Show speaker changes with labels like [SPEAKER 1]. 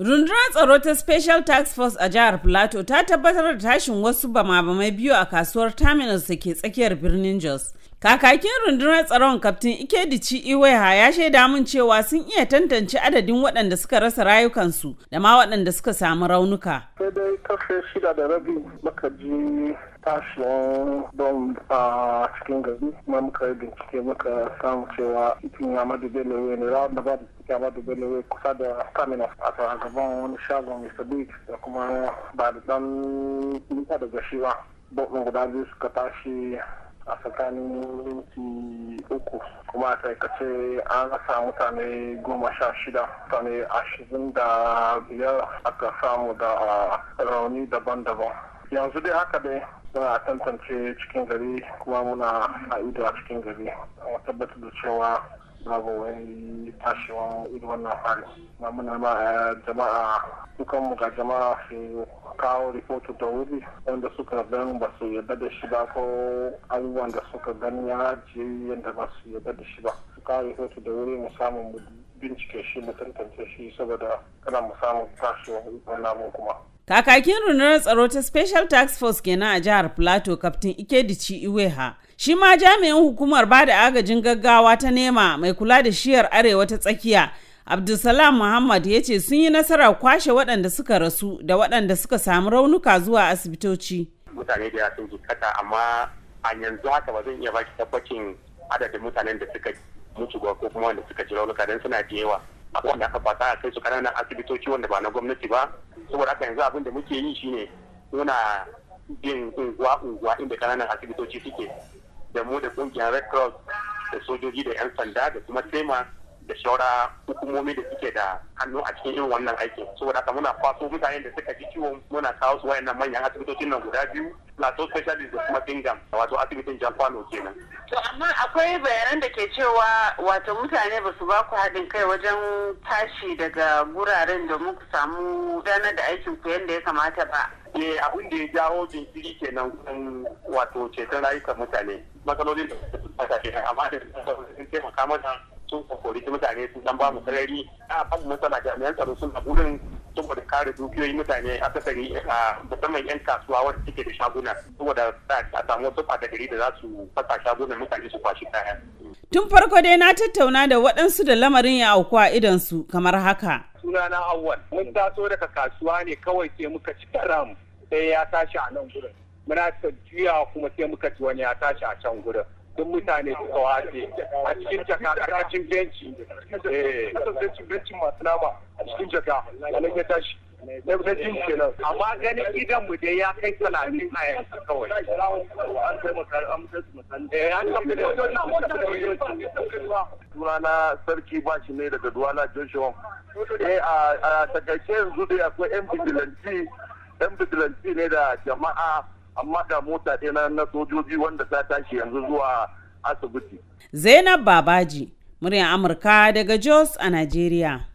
[SPEAKER 1] Rundunar tsaro ta Special Task Force a jihar Plateau ta tabbatar da tashin wasu bama-bamai biyu a kasuwar terminals da ke tsakiyar birnin Jos. Kakakin rundunar tsaron Kaftin Ikedici Iweha ya shaida mun cewa sun iya tantance adadin waɗanda suka rasa rayukansu da ma waɗanda suka samu raunuka.
[SPEAKER 2] Sai dai shida da rabi sashen don a cikin gari kuma muka yi bincike muka samu cewa ya Amadu Bello ne da ba da Amadu Bello kusa da stamina a gaban wani shagon Mr. Big da kuma ba da dan da gashi ba Bom guda biyu suka tashi a tsakanin minti uku kuma a taikace an rasa mutane goma sha shida mutane ashirin da biyar aka samu da rauni daban-daban yanzu dai haka dai suna tantance cikin gari kuma muna a ido a cikin gari a tabbatar da cewa babu wani tashewan ido wannan fari na muna ma eh, jama'a dukan mu ga jama'a su kawo rahoto da wuri wanda suka gan ba su yarda da shi ba ko abubuwan da suka gan ya je yadda ba su yadda da shi ba su kawo da wuri mu samu mu bincike shi mu tantance shi saboda kana mu samu tashewan ido wannan kuma
[SPEAKER 1] Kakakin rundunar tsaro ta Special Task Force kenan a jihar Plateau, Kaftin Ikedici Iweha. Shi ma jami'in hukumar ba da agajin gaggawa ta nema mai kula da shiyar arewa ta tsakiya. Abdulsalam Muhammad ya ce sun yi nasara kwashe waɗanda suka rasu da waɗanda suka samu raunuka zuwa asibitoci. Mutane
[SPEAKER 3] da sun jikata amma a yanzu haka ba zan iya baki tabbacin adadin mutanen da suka mutu ko kuma wanda suka ji raunuka don suna da yawa. akwai wanda aka fata a kai su kananan asibitoci wanda ba na gwamnati ba saboda haka yanzu abin da muke yi shine muna bin unguwa unguwa inda kananan asibitoci suke da mu da kungiyar red cross da sojoji da yan sanda da kuma tema da shaura hukumomi da suke da hannu a cikin irin wannan aikin saboda ka muna kwaso mutanen da suka ji ciwon muna kawo su wayannan manyan asibitocin nan guda biyu plateau specialist da kuma bingham wato asibitin jan kwano kenan
[SPEAKER 1] to amma akwai bayanan da ke cewa wato mutane ba su ba ku haɗin kai wajen tashi daga guraren da
[SPEAKER 3] muku samu gudanar da aikin ku yadda ya kamata ba ne eh, abin da ya jawo jinkiri kenan kun wato ceton rayukan mutane matsalolin da suka shafi amma da sun taimaka mata sun kokori mutane sun dan ba mu sarari a ban mun jami'an tsaro sun gurin saboda kare dukiyoyi mutane a kasari musamman yan kasuwa wanda suke da shaguna saboda a samu wasu gari da za su fasa shagunan mutane su kwashi kaya.
[SPEAKER 1] Tun farko dai na tattauna da waɗansu da lamarin ya auku a su kamar haka.
[SPEAKER 3] Sunana Awwal, mun taso daga kasuwa ne kawai sai muka ci karam sai ya tashi a nan gurin. Muna juya kuma sai muka ci wani ya tashi a can gurin. sun mutane su wace a cikin jaka benci eh, a cikin jaka ya tashi na jin kenan kai talatin a yanzu kawai an makar an makar eh an sarki bashi ne daga duwala joshua eh, a takaice yanzu dai akwai yan yan ne da jama'a amma da mota ɗaya na sojoji wanda ta tashi yanzu zuwa asibiti.
[SPEAKER 1] Zainab Babaji, muryar Amurka daga Jos a Najeriya.